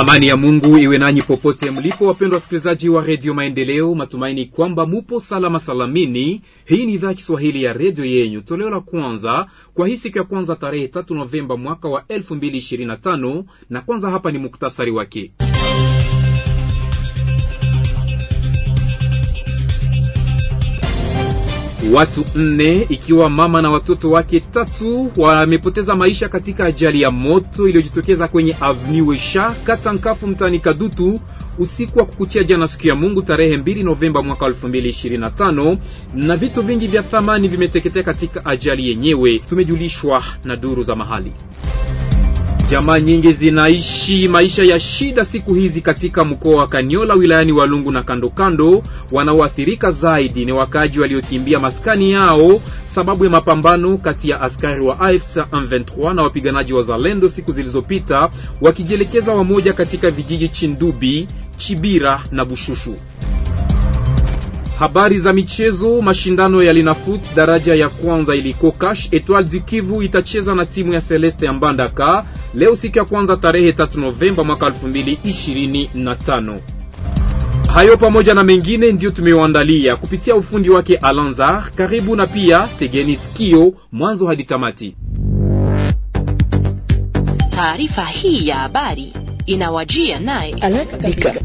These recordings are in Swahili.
Amani ya Mungu iwe nanyi popote mlipo, wapendwa wasikilizaji wa Redio Maendeleo. Matumaini kwamba mupo salama salamini. Hii ni idhaa Kiswahili ya redio yenyu, toleo la kwanza kwa hii siku ya kwanza, tarehe 3 Novemba mwaka wa 2025. Na kwanza hapa ni muktasari wake Watu nne ikiwa mama na watoto wake tatu wamepoteza maisha katika ajali ya moto iliyojitokeza kwenye Avenue Wesha kata Nkafu mtaani Kadutu usiku wa kukuchia jana siku ya Mungu tarehe 2 Novemba mwaka 2025, na vitu vingi vya thamani vimeteketea katika ajali yenyewe, tumejulishwa na duru za mahali. Jamaa nyingi zinaishi maisha ya shida siku hizi katika mkoa wa Kaniola wilayani Walungu na kandokando. Wanaoathirika zaidi ni wakaji waliokimbia maskani yao sababu ya mapambano kati ya askari wa AFC M23 na wapiganaji wa Zalendo siku zilizopita, wakijielekeza wamoja katika vijiji Chindubi, Chibira na Bushushu. Habari za michezo. Mashindano ya Linafoot daraja ya kwanza ilikokash Etoile du Kivu itacheza na timu ya Celeste ya Mbandaka leo siku ya kwanza tarehe 3 Novemba mwaka 2025. Hayo pamoja na mengine ndiyo tumewaandalia kupitia ufundi wake Alanzar. Karibu na pia tegeni sikio mwanzo hadi tamati. Taarifa hii ya habari inawajia naye Alaka.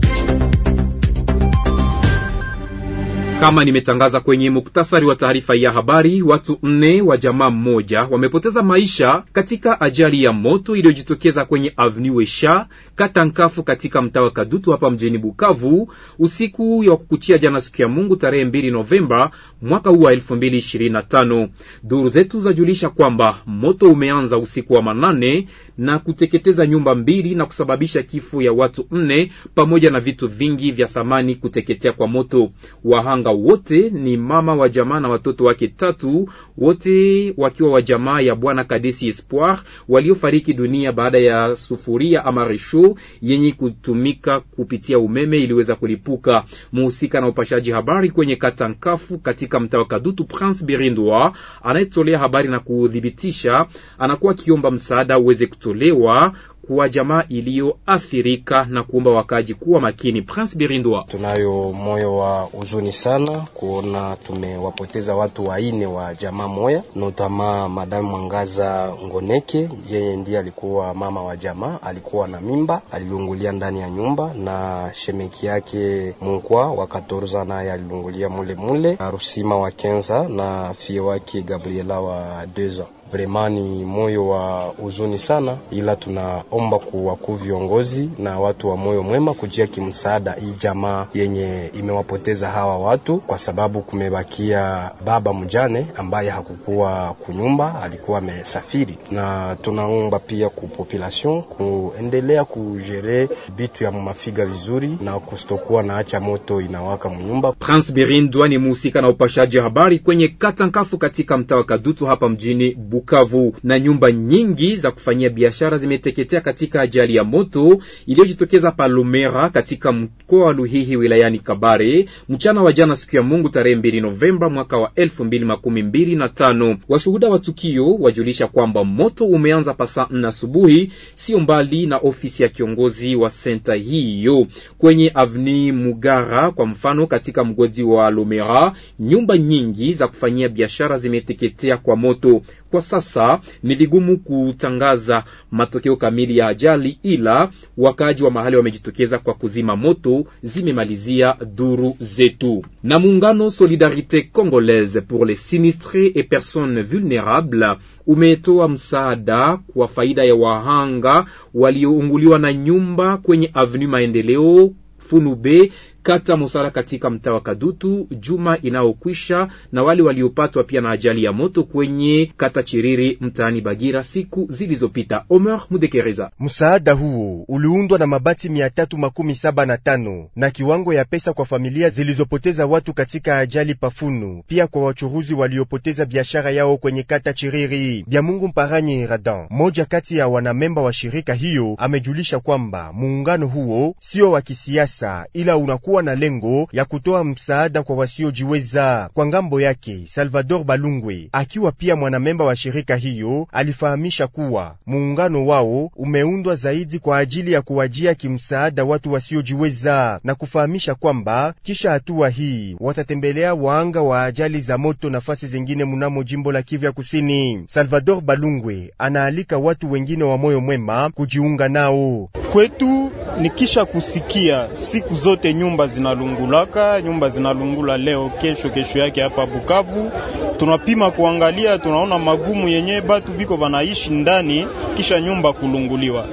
Kama nimetangaza kwenye muktasari wa taarifa ya habari, watu nne wa jamaa mmoja wamepoteza maisha katika ajali ya moto iliyojitokeza kwenye Avenue Wesha kata Nkafu katika mtaa wa Kadutu hapa mjini Bukavu usiku ya kukuchia jana siku ya Mungu tarehe 2 Novemba mwaka huu wa 2025. Duru zetu zajulisha kwamba moto umeanza usiku wa manane na kuteketeza nyumba mbili na kusababisha kifo ya watu nne pamoja na vitu vingi vya thamani kuteketea kwa moto Wahanga wahanga wote ni mama wa jamaa na watoto wake tatu, wote wakiwa wa jamaa ya Bwana Kadesi Espoir waliofariki dunia baada ya sufuria ama resho yenye kutumika kupitia umeme iliweza kulipuka. Muhusika na upashaji habari kwenye kata Nkafu katika mtaa wa Kadutu, Prince Birindwa anayetolea habari na kudhibitisha, anakuwa akiomba msaada uweze kutolewa kuwa jamaa iliyoathirika na kuomba wakaji kuwa makini. Prince Birindwa: tunayo moyo wa huzuni sana kuona tumewapoteza watu waine wa jamaa moya, notama madamu Mwangaza Ngoneke, yeye ndiye alikuwa mama wa jamaa, alikuwa na mimba, alilungulia ndani ya nyumba na shemeki yake Munkwa wa Katorza, naye alilungulia mulemule, Arusima wa Kenza na fie wake Gabriela wa Deza vremani moyo wa huzuni sana, ila tunaomba kuwakuu viongozi na watu wa moyo mwema kujia kimsaada hii jamaa yenye imewapoteza hawa watu, kwa sababu kumebakia baba mjane ambaye hakukuwa kunyumba, alikuwa amesafiri, na tunaomba pia ku population kuendelea kujere bitu ya mafiga vizuri na kustokuwa na acha moto inawaka mnyumba. Prince Birindwa ni muhusika na upashaji habari kwenye Katankafu katika mtaa wa Kadutu hapa mjini Buka. Bukavu, na nyumba nyingi za kufanyia biashara zimeteketea katika ajali ya moto iliyojitokeza Palomera katika mkoa wa Luhihi wilayani Kabare mchana wa jana siku ya Mungu tarehe 2 Novemba mwaka wa 2025. Washuhuda wa tukio wajulisha kwamba moto umeanza pasa na asubuhi sio mbali na ofisi ya kiongozi wa senta hiyo kwenye Avni Mugara. Kwa mfano, katika mgodi wa Lumera, nyumba nyingi za kufanyia biashara zimeteketea kwa moto. Kwa sasa ni vigumu kutangaza matokeo kamili ya ajali, ila wakaaji wa mahali wamejitokeza kwa kuzima moto, zimemalizia duru zetu. Na muungano Solidarite Congolaise pour les sinistres et personnes vulnérable umetoa msaada kwa faida ya wahanga waliounguliwa na nyumba kwenye Avenue Maendeleo Funube kata Musara katika mtaa wa Kadutu juma inayokwisha, na wale waliopatwa pia na ajali ya moto kwenye kata Chiriri mtaani Bagira siku zilizopita. Omer Mudekereza. Msaada huo uliundwa na mabati mia tatu makumi saba na tano na kiwango ya pesa kwa familia zilizopoteza watu katika ajali pafunu, pia kwa wachuruzi waliopoteza biashara yao kwenye kata Chiriri. Bya Mungu Mparanyi Radan, moja kati ya wanamemba wa shirika hiyo, amejulisha kwamba muungano huo sio wa kisiasa ila unakuwa kuwa na lengo ya kutoa msaada kwa wasiojiweza. Kwa ngambo yake, Salvador Balungwe akiwa pia mwanamemba wa shirika hiyo alifahamisha kuwa muungano wao umeundwa zaidi kwa ajili ya kuwajia kimsaada watu wasiojiweza na kufahamisha kwamba kisha hatua hii watatembelea waanga wa ajali za moto nafasi zingine mnamo jimbo la Kivu ya Kusini. Salvador Balungwe anaalika watu wengine wa moyo mwema kujiunga nao. Kwetu ni kisha kusikia siku zote nyumba nyumba zinalungulaka, nyumba zinalungula leo, kesho, kesho yake hapa Bukavu. Tunapima kuangalia, tunaona magumu yenye batu biko banaishi ndani kisha nyumba kulunguliwa.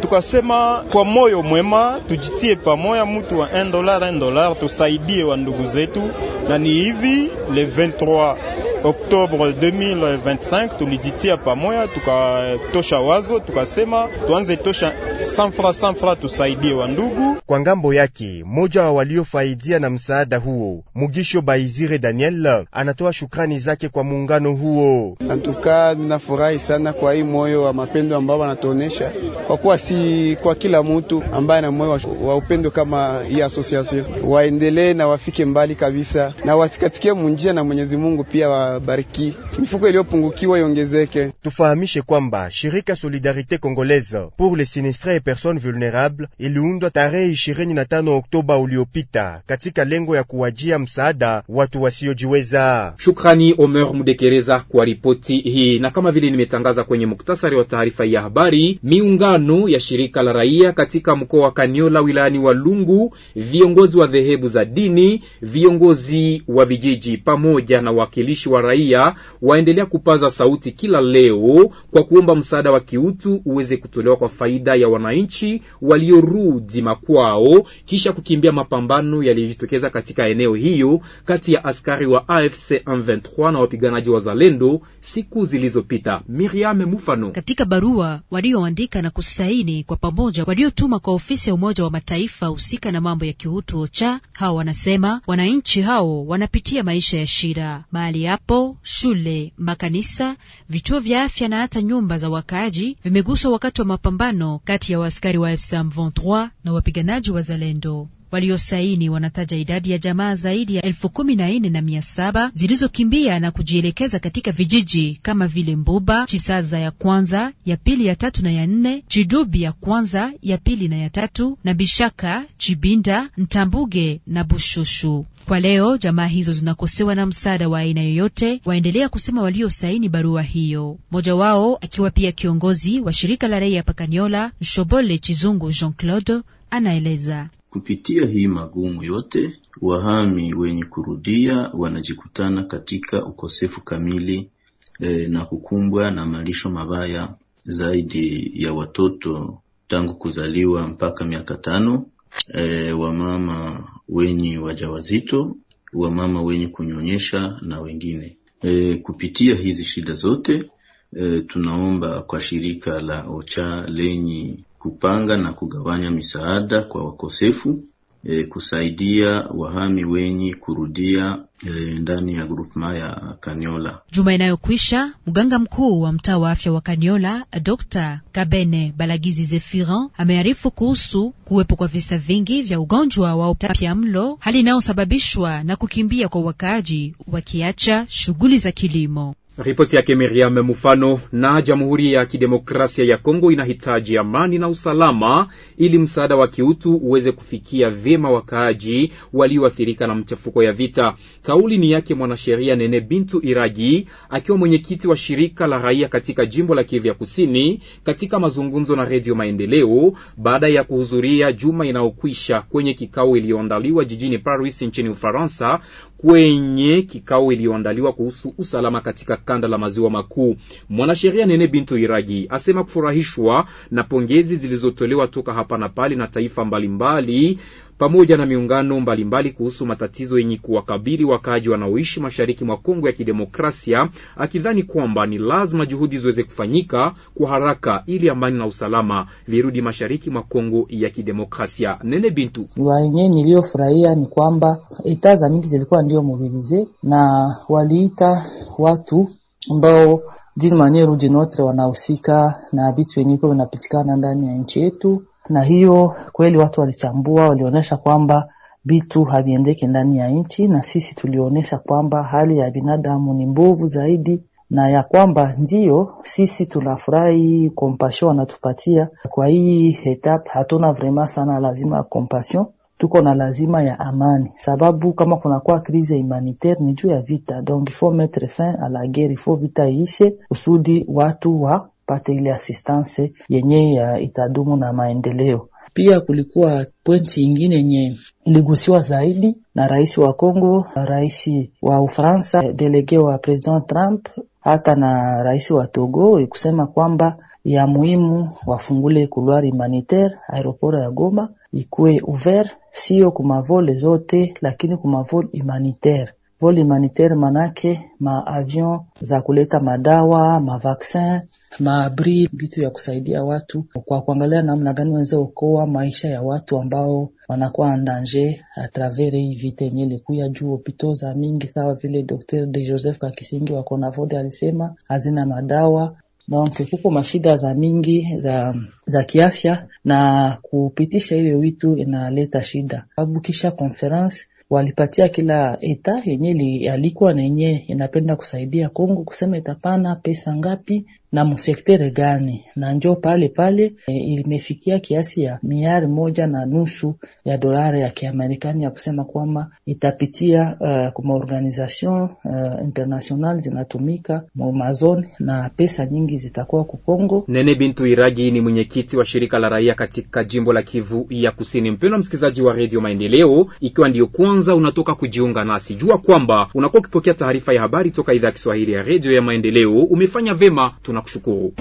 Tukasema kwa moyo mwema tujitie pamoja, mtu wa 1 dollar 1 dollar, tusaidie wa ndugu zetu, na ni hivi le 23 Oktoba 2025 tulijitia pamoja tukatosha wazo tukasema tuanze tosha sanfra sanfra tusaidie wa ndugu. Kwa ngambo yake moja wa waliofaidia na msaada huo Mugisho Baizire Daniel anatoa shukrani zake kwa muungano huo. Antuka ninafurahi sana kwa hii moyo wa mapendo ambao wanatuonesha, kwa kuwa si kwa kila mtu ambaye ana moyo wa upendo kama hii association. Waendelee na wafike mbali kabisa na wasikatikie munjia, na Mwenyezi Mungu pia wa bariki mifuko iliyopungukiwa iongezeke. Tufahamishe kwamba shirika Solidarite Congolaise pour les sinistres et personnes vulnerables iliundwa tarehe 25 Oktoba uliopita katika lengo ya kuwajia msaada watu wasiojiweza. Shukrani Omer Mudekereza kwa ripoti hii, na kama vile nimetangaza kwenye muktasari wa taarifa ya habari, miungano ya shirika la raia katika mkoa wa Kaniola wilayani Walungu, viongozi wa dhehebu za dini, viongozi wa vijiji pamoja na wakilishi wa wa raia waendelea kupaza sauti kila leo kwa kuomba msaada wa kiutu uweze kutolewa kwa faida ya wananchi waliorudi makwao kisha kukimbia mapambano yaliyojitokeza katika eneo hiyo kati ya askari wa AFC M23 na wapiganaji wa Zalendo siku zilizopita. Miriam Mufano katika barua walioandika na kusaini kwa pamoja waliotuma kwa ofisi ya Umoja wa Mataifa husika na mambo ya kiutu OCHA, hao wanasema wananchi hao wanapitia maisha ya shida mahali hapa ambapo shule, makanisa, vituo vya afya na hata nyumba za wakaaji vimeguswa wakati wa mapambano kati ya waaskari wa M23 na wapiganaji wa Zalendo. Waliosaini wanataja idadi ya jamaa zaidi ya elfu kumi na nne na mia saba zilizokimbia na kujielekeza katika vijiji kama vile Mbuba, Chisaza ya kwanza, ya pili, ya tatu na ya nne, Chidubi ya kwanza, ya pili na ya tatu, na Bishaka, Chibinda, Ntambuge na Bushushu. Kwa leo jamaa hizo zinakosewa na msaada wa aina yoyote, waendelea kusema waliosaini barua hiyo, mmoja wao akiwa pia kiongozi wa shirika la raia pakaniola Nshobole Chizungu Jean Claude anaeleza kupitia hii magumu yote, wahami wenye kurudia wanajikutana katika ukosefu kamili e, na kukumbwa na malisho mabaya zaidi ya watoto tangu kuzaliwa mpaka miaka tano e, eh, wamama wenye wajawazito, wamama wenye kunyonyesha na wengine e, kupitia hizi shida zote e, tunaomba kwa shirika la OCHA lenye kupanga na kugawanya misaada kwa wakosefu e, kusaidia wahami wenye kurudia E, ndani ya grupema ya Kaniola. Juma inayokwisha mganga mkuu wa mtaa wa afya wa Kaniola Dr. Kabene Balagizi Zefiran amearifu kuhusu kuwepo kwa visa vingi vya ugonjwa wa mlo hali inayosababishwa na kukimbia kwa wakaaji wakiacha shughuli za kilimo. Ripoti yake Miriam Mufano. Na Jamhuri ya Kidemokrasia ya Kongo inahitaji amani na usalama ili msaada wa kiutu uweze kufikia vyema wakaaji walioathirika na mchafuko ya vita. Kauli ni yake mwanasheria Nene Bintu Iragi akiwa mwenyekiti wa shirika la raia katika jimbo la Kivu ya Kusini katika mazungumzo na Redio Maendeleo baada ya kuhudhuria juma inayokwisha kwenye kikao iliyoandaliwa jijini Paris nchini Ufaransa kwenye kikao iliyoandaliwa kuhusu usalama katika kanda la maziwa makuu. Mwanasheria Nene Bintu Iragi asema kufurahishwa na pongezi zilizotolewa toka hapa na pale na taifa mbalimbali mbali, pamoja na miungano mbalimbali kuhusu matatizo yenye kuwakabili wakaaji wanaoishi mashariki mwa Kongo ya Kidemokrasia, akidhani kwamba ni lazima juhudi ziweze kufanyika kwa haraka ili amani na usalama virudi mashariki mwa Kongo ya Kidemokrasia. Nene Bintu wenyewe niliyofurahia ni kwamba ita za mingi zilikuwa ndio mobilize na waliita watu ambao d'une wanahusika na vitu vyenye vinapitikana ndani ya nchi yetu na hiyo kweli watu walichambua, walionyesha kwamba vitu haviendeki ndani ya nchi, na sisi tulionyesha kwamba hali ya binadamu ni mbovu zaidi na ya kwamba ndiyo sisi tunafurahi kompasion wanatupatia kwa hii etap, hatuna vrema sana lazima ya kompassion, tuko na lazima ya amani, sababu kama kunakuwa krize humanitaire ni juu ya vita, donc il faut mettre fin a la guerre, il faut vita iishe kusudi watu wa pate ile assistance ya uh, itadumu na maendeleo. Pia kulikuwa pointi ingine yenye iligusiwa zaidi na rais wa Kongo, rais wa Ufaransa, delege wa president Trump, hata na rais wa Togo ikusema kwamba ya muhimu wafungule couloir humanitaire aeroport ya Goma ikuwe ouvert, sio kumavole zote, lakini kumavole humanitaire Vol humanitaire manake avion za kuleta madawa, mavaksin, maabri, vitu ya kusaidia watu kwa kuangalia namna gani wanaweza okoa maisha ya watu ambao wanakuwa a atraver hii vita yenye ilikuya juu. Hopito za mingi sawa vile Dr. de Joseph Kakisingi wa Conavode alisema hazina madawa donc kuko mashida za mingi za za kiafya na kupitisha ile witu inaleta shida. Sababu kisha conference walipatia kila eta yenye alikuwa na yenye inapenda kusaidia Kongo kusema itapana pesa ngapi na msektere gani, na njo pale pale e, imefikia kiasi ya miari moja na nusu ya dolari ya Kiamerikani ya kusema kwamba itapitia uh, kuma maorganization uh, e, international zinatumika mwamazoni na pesa nyingi zitakuwa ku Nene Bintu Iragi ni mwenyekiti wa shirika la raia katika jimbo la Kivu ya Kusini. Mpendwa msikilizaji wa Radio Maendeleo, ikiwa ndiyo kwanza unatoka kujiunga nasi, jua kwamba unakuwa ukipokea taarifa ya habari toka idhaa ya Kiswahili ya Radio ya Maendeleo. Umefanya vema tuna tunakushukuru.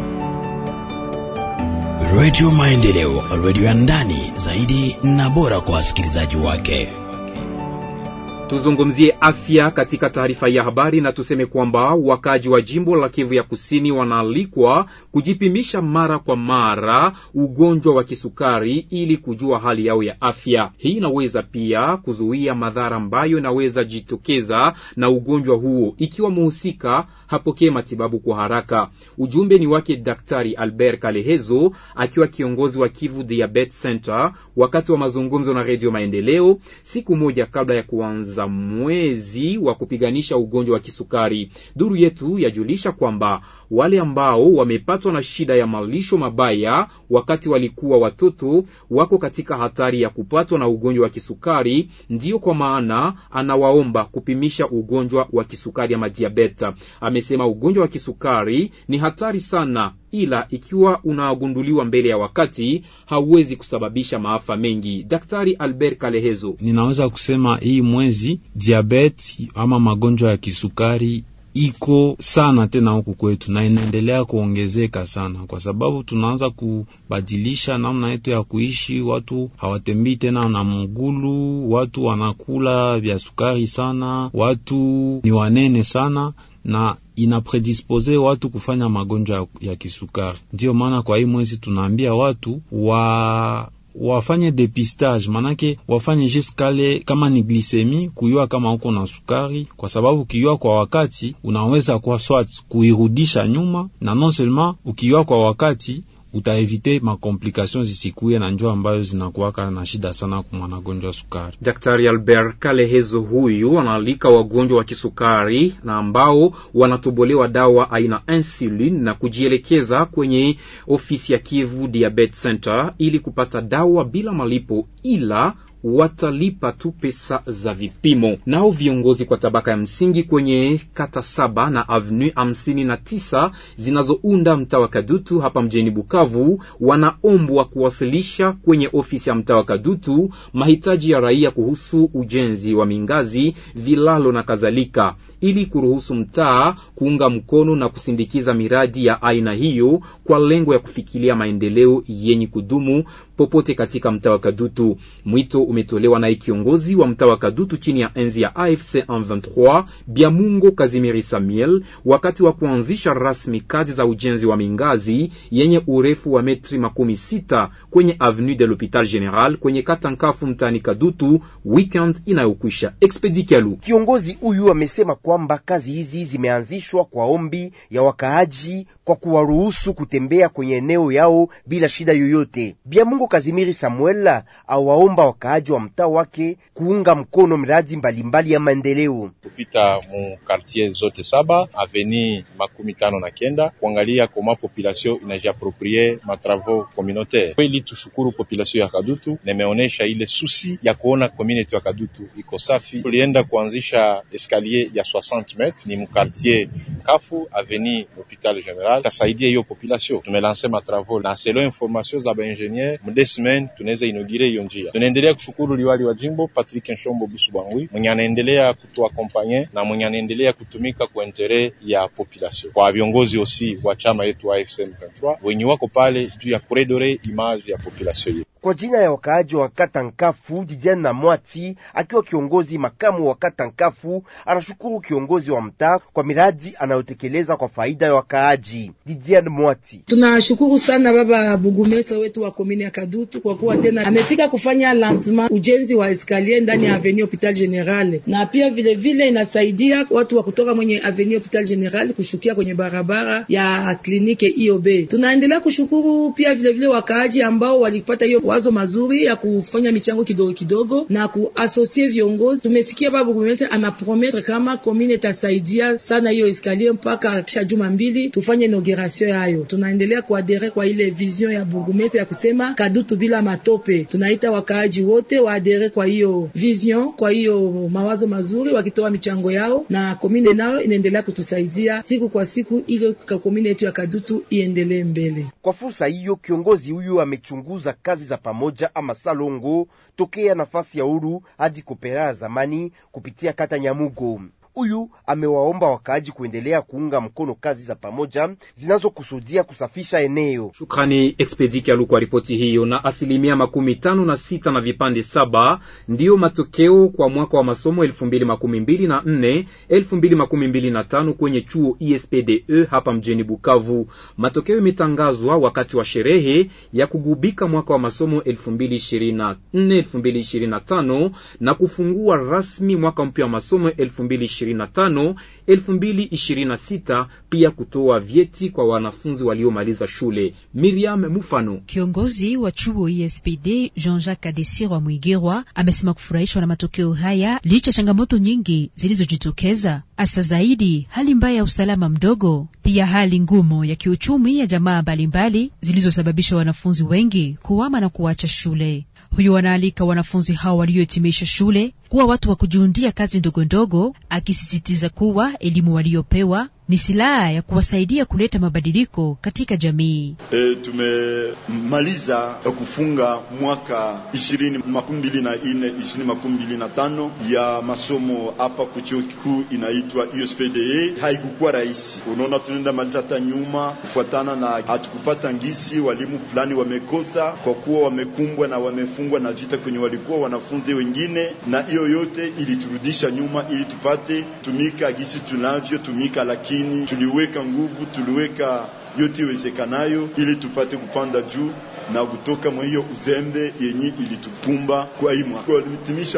Radio Maendeleo, radio ya ndani zaidi na bora kwa wasikilizaji wake. Tuzungumzie afya katika taarifa ya habari na tuseme kwamba wakaji wa jimbo la Kivu ya Kusini wanaalikwa kujipimisha mara kwa mara ugonjwa wa kisukari ili kujua hali yao ya afya. Hii inaweza pia kuzuia madhara ambayo inaweza jitokeza na ugonjwa huo ikiwa mhusika hapokee matibabu kwa haraka. Ujumbe ni wake Daktari Albert Kalehezo akiwa kiongozi wa Kivu Diabetes Center wakati wa mazungumzo na Redio Maendeleo siku moja kabla ya kuanza mwezi wa kupiganisha ugonjwa wa kisukari. Duru yetu yajulisha kwamba wale ambao wamepatwa na shida ya malisho mabaya wakati walikuwa watoto wako katika hatari ya kupatwa na ugonjwa wa kisukari, ndiyo kwa maana anawaomba kupimisha ugonjwa wa kisukari ama diabeta amesema ugonjwa wa kisukari ni hatari sana, ila ikiwa unagunduliwa mbele ya wakati hauwezi kusababisha maafa mengi. Daktari Albert Kalehezo: ninaweza kusema hii mwezi diabeti ama magonjwa ya kisukari iko sana tena huku kwetu na inaendelea kuongezeka sana, kwa sababu tunaanza kubadilisha namna yetu ya kuishi. Watu hawatembii tena na mgulu, watu wanakula vya sukari sana, watu ni wanene sana na predispose watu kufanya magonjwa ya kisukari. Ndiyo maana kwa hii mwezi tunaambia watu wa wafanye depistage, manake wafanye jiskale kama ni glisemi, kuyua kama uko na sukari, kwa sababu ukiyua kwa wakati unaweza kwa swat kuirudisha nyuma, na non seulement ukiyua kwa wakati utaevite makomplikasyon zisikuye na njoo ambayo zinakuwaka na shida sana kwa mwanagonjwa sukari. Daktari Albert Kalehezo huyu analika wagonjwa wa kisukari na ambao wanatobolewa dawa aina insulin na kujielekeza kwenye ofisi ya Kivu Diabetes Center ili kupata dawa bila malipo ila watalipa tu pesa za vipimo. Nao viongozi kwa tabaka ya msingi kwenye kata saba na avenue hamsini na tisa zinazounda mtaa wa Kadutu hapa mjini Bukavu wanaombwa kuwasilisha kwenye ofisi ya mtaa wa Kadutu mahitaji ya raia kuhusu ujenzi wa mingazi, vilalo na kadhalika, ili kuruhusu mtaa kuunga mkono na kusindikiza miradi ya aina hiyo kwa lengo ya kufikilia maendeleo yenye kudumu popote katika mtaa wa Kadutu. Mwito umetolewa naye kiongozi wa mtaa wa Kadutu chini ya enzi ya AFC M23 Biamungo Kazimiri Samuel wakati wa kuanzisha rasmi kazi za ujenzi wa mingazi yenye urefu wa metri makumi sita kwenye Avenue de l'Hôpital General kwenye kata Nkafu mtaani Kadutu weekend inayokwisha. Expedi Expedikalu kiongozi huyu amesema kwamba kazi hizi zimeanzishwa kwa ombi ya wakaaji kwa kuwaruhusu kutembea kwenye eneo yao bila shida yoyote. Biamungo Kazimiri Samuel awaomba waka wakaaji wa mtaa wake kuunga mkono miradi mbalimbali ya maendeleo kupita mu quartier zote saba aveni makumi tano na kenda kuangalia koma population inajiaproprie matravau communautaire. Kweli tushukuru population ya Kadutu nimeonesha ile susi ya kuona community ya Kadutu iko safi. Tulienda kuanzisha escalier ya 60 metre ni mu quartier Kafu Avenue Hopital General tasaidia hiyo population. Tumelanse matravo na selo information za baingenier, mude semaine tunaweza inaugure hiyo njia. Tunaendelea kushukuru liwali wa jimbo Patrick Nshombo Busubangwi mwenye anaendelea kutuakompanye na mwenye anaendelea kutumika kwa intere ya population, kwa viongozi osi wa chama yetu wa AFC M23 wenye wako pale juu ya kuredore image ya population yetu. Kwa jina ya wakaaji wa kata Nkafu jijani na Mwati, akiwa kiongozi makamu wa kata Nkafu anashukuru kiongozi wa mtaa kwa miradi ana anayotekeleza kwa faida ya wakaaji. Didian Mwati: tunashukuru sana baba bugumesa wetu wa komini ya Kadutu kwa kuwa tena amefika kufanya lazima ujenzi wa eskalier ndani ya avenue hopital general, na pia vilevile vile inasaidia watu wa kutoka mwenye avenue hopital general kushukia kwenye barabara ya klinike IOB. Tunaendelea kushukuru pia vilevile vile wakaaji ambao walipata hiyo wazo mazuri ya kufanya michango kidogo kidogo na kuasosie viongozi. Tumesikia baba bugumesa anaprometre kama komini itasaidia sana hiyo eskalier tusubirie mpaka kisha juma mbili tufanye inauguration yayo. Tunaendelea kuadere kwa ile vision ya burgumestre ya kusema kadutu bila matope. Tunaita wakaaji wote waadere kwa hiyo vision, kwa hiyo mawazo mazuri, wakitoa michango yao, na komine nayo inaendelea kutusaidia siku kwa siku ili komine yetu ya kadutu iendelee mbele. Kwa fursa hiyo, kiongozi huyu amechunguza kazi za pamoja ama salongo tokea nafasi ya huru hadi kopera ya zamani kupitia kata Nyamugo huyu amewaomba wakaaji kuendelea kuunga mkono kazi za pamoja zinazokusudia kusafisha eneo. Shukrani Expedi Kyalu kwa ripoti hiyo. Na asilimia makumi tano na sita na vipande saba ndiyo matokeo kwa mwaka wa masomo elfu mbili makumi mbili na nne elfu mbili makumi mbili na tano kwenye chuo ISPDE hapa mjini Bukavu. Matokeo imetangazwa wakati wa sherehe ya kugubika mwaka wa masomo elfu mbili ishirini na nne elfu mbili ishirini na tano na kufungua rasmi mwaka mpya wa masomo elfu mbili ishirini 2026, pia kutoa vyeti kwa wanafunzi waliomaliza shule. Miriam Mufano, kiongozi wa chuo ESPD Jean-Jacques wa Mwigirwa, amesema kufurahishwa na matokeo haya licha changamoto nyingi zilizojitokeza, hasa zaidi hali mbaya ya usalama mdogo, pia hali ngumu ya kiuchumi ya jamaa mbalimbali zilizosababisha wanafunzi wengi kuwama na kuacha shule. Huyo wanaalika wanafunzi hao waliohitimisha shule kuwa watu wa kujiundia kazi ndogo ndogo, akisisitiza kuwa elimu waliopewa ni silaha ya kuwasaidia kuleta mabadiliko katika jamii. E, tumemaliza kufunga mwaka ishirini makumi mbili na nne ishirini makumi mbili na tano ya masomo hapa kuchuo kikuu inaitwa USPDE. Haikukuwa rahisi, unaona tunaenda maliza hata nyuma kufuatana na hatukupata ngisi, walimu fulani wamekosa kwa kuwa wamekumbwa na wamefungwa na vita kwenye walikuwa wanafunzi wengine, na hiyo yote iliturudisha nyuma ili tupate tumika gisi tunavyotumika, lakini lakini tuliweka nguvu, tuliweka yote iwezekanayo ili tupate kupanda juu na kutoka mwa hiyo uzembe yenye ilitukumba kwa hii mwaka.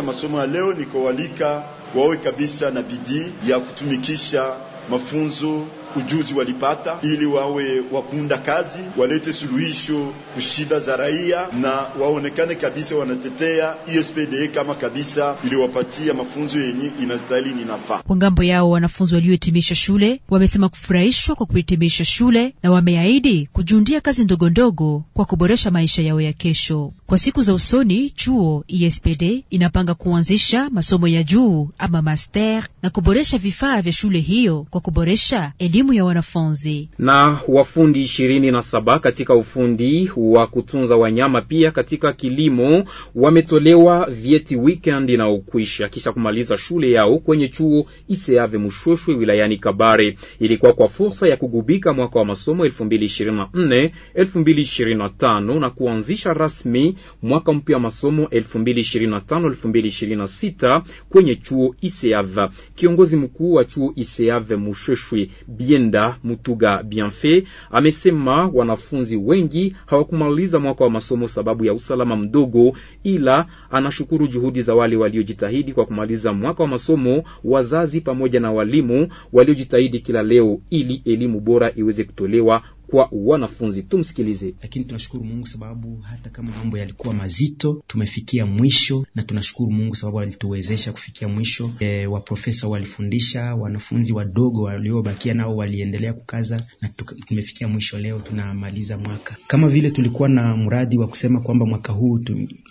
masomo ya leo, nikowalika wawe kabisa na bidii ya kutumikisha mafunzo ujuzi walipata, ili wawe wakunda kazi, walete suluhisho kushida za raia, na waonekane kabisa wanatetea ispd kama kabisa iliwapatia mafunzo yenye inastahili nafaa. Kwa ngambo yao, wanafunzi waliohitimisha shule wamesema kufurahishwa kwa kuhitimisha shule na wameahidi kujundia kazi ndogondogo kwa kuboresha maisha yao ya kesho. Kwa siku za usoni, chuo ispd inapanga kuanzisha masomo ya juu ama master na kuboresha vifaa vya shule hiyo kwa kuboresha elimu elimu ya wanafunzi. Na wafundi ishirini na saba katika ufundi wa kutunza wanyama pia katika kilimo wametolewa vyeti weekend inayokwisha kisha kumaliza shule yao kwenye chuo Iseave Mushweshwe wilayani Kabare. Ilikuwa kwa fursa ya kugubika mwaka wa masomo 2024 2025 na kuanzisha rasmi mwaka mpya wa masomo 2025 2026 kwenye chuo Iseave. Kiongozi mkuu wa chuo Iseave Mushweshwe Jenda Mutuga Bienfe amesema wanafunzi wengi hawakumaliza mwaka wa masomo sababu ya usalama mdogo, ila anashukuru juhudi za wale waliojitahidi kwa kumaliza mwaka wa masomo, wazazi pamoja na walimu waliojitahidi kila leo ili elimu bora iweze kutolewa kwa wanafunzi. Tumsikilize. Lakini tunashukuru Mungu sababu hata kama mambo yalikuwa mazito tumefikia mwisho, na tunashukuru Mungu sababu alituwezesha kufikia mwisho. E, waprofesa walifundisha, wanafunzi wadogo waliobakia nao waliendelea kukaza na tumefikia mwisho. Leo tunamaliza mwaka kama vile tulikuwa na mradi wa kusema kwamba mwaka huu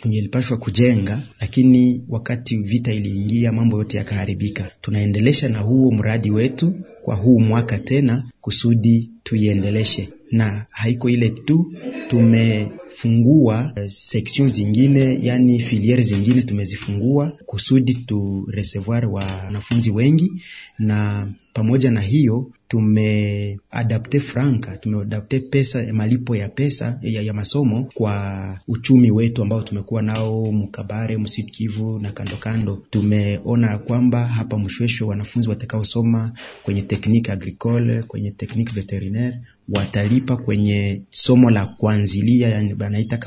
tungelipashwa kujenga, lakini wakati vita iliingia mambo yote yakaharibika. Tunaendelesha na huo mradi wetu kwa huu mwaka tena kusudi tuiendeleshe na haiko ile tu, tumefungua eh, seksion zingine, yani filiere zingine tumezifungua kusudi tu reservoir wanafunzi wengi, na pamoja na hiyo tumeadapte franka, tumeadapte pesa, malipo ya pesa ya, ya masomo kwa uchumi wetu ambao tumekuwa nao Mkabare, Msud Kivu na kando kando. Tumeona kwamba hapa Mshweshwe wanafunzi watakaosoma kwenye technique agricole, kwenye technique veterinaire watalipa kwenye somo la kuanzilia, yani banaita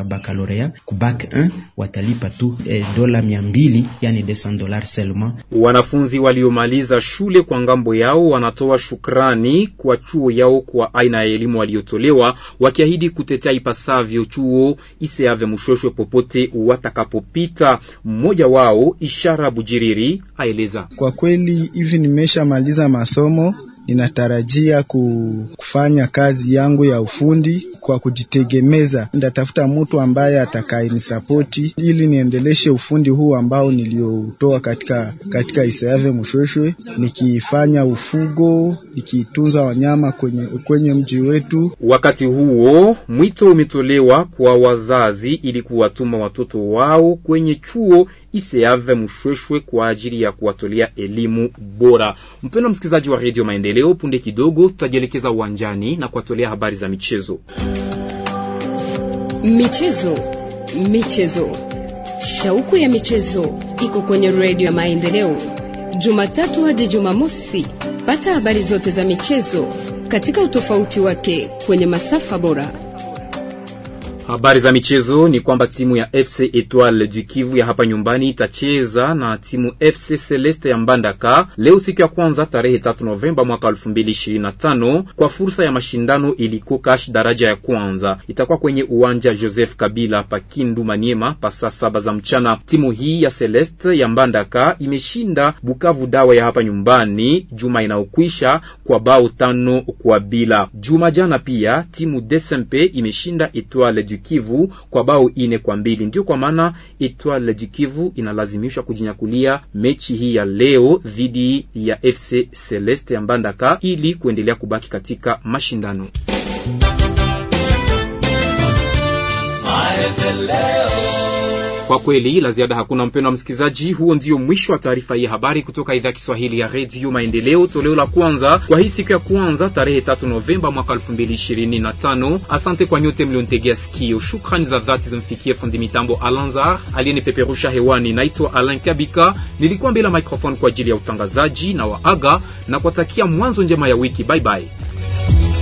ku bac 1 watalipa tu e, dola mia mbili yani 200 dollar selma. Wanafunzi waliomaliza shule kwa ngambo yao wanatoa shukrani kwa chuo yao kwa aina ya elimu waliotolewa, wakiahidi kutetea ipasavyo chuo iseave mshoshwe popote watakapopita. Mmoja wao Ishara Bujiriri aeleza, kwa kweli hivi nimeshamaliza masomo Ninatarajia kufanya kazi yangu ya ufundi kwa kujitegemeza. Ndatafuta mtu ambaye atakayenisapoti ili niendeleshe ufundi huu ambao niliotoa katika, katika Isayave Mshweshwe, nikifanya ufugo, nikitunza wanyama kwenye, kwenye mji wetu. Wakati huo mwito umetolewa kwa wazazi ili kuwatuma watoto wao kwenye chuo Isayave Mshweshwe kwa ajili ya kuwatolea elimu bora. Mpendwa msikilizaji wa Radio Maendeleo leo punde kidogo tutajielekeza uwanjani na kuwatolea habari za michezo. Michezo, michezo, shauku ya michezo iko kwenye redio ya Maendeleo, Jumatatu hadi Jumamosi. Pata habari zote za michezo katika utofauti wake kwenye masafa bora. Habari za michezo ni kwamba timu ya FC Etoile du Kivu ya hapa nyumbani itacheza na timu FC Celeste ya Mbandaka leo siku ya kwanza tarehe 3 Novemba mwaka 2025 kwa fursa ya mashindano iliko cash daraja ya kwanza. Itakuwa kwenye uwanja Joseph Kabila Pakindu Maniema pasa saba za mchana. Timu hii ya Celeste ya Mbandaka imeshinda Bukavu Dawa ya hapa nyumbani juma inaokwisha kwa bao tano kwa bila. Juma jana pia timu DSMP imeshinda Etoile du Kivu kwa bao ine kwa mbili. Ndio kwa maana Etoile du Kivu inalazimishwa kujinyakulia mechi hii ya leo dhidi ya FC Celeste ya Mbandaka ili kuendelea kubaki katika mashindano. Kwa kweli la ziada hakuna, wa msikilizaji, huo ndio mwisho wa taarifa hii habari kutoka idhaa ya Kiswahili ya Redio Maendeleo, toleo la kwanza kwa hii siku ya kwanza tarehe 3 Novemba mwaka 2025. Asante kwa nyote mliontegea sikio. Shukrani za dhati zimfikie fundi mitambo Alanzar aliyenipeperusha hewani. Naitwa Alan Kabika, nilikuwa mbele microphone kwa ajili ya utangazaji na waaga na kuwatakia mwanzo njema ya wiki. Bye bye.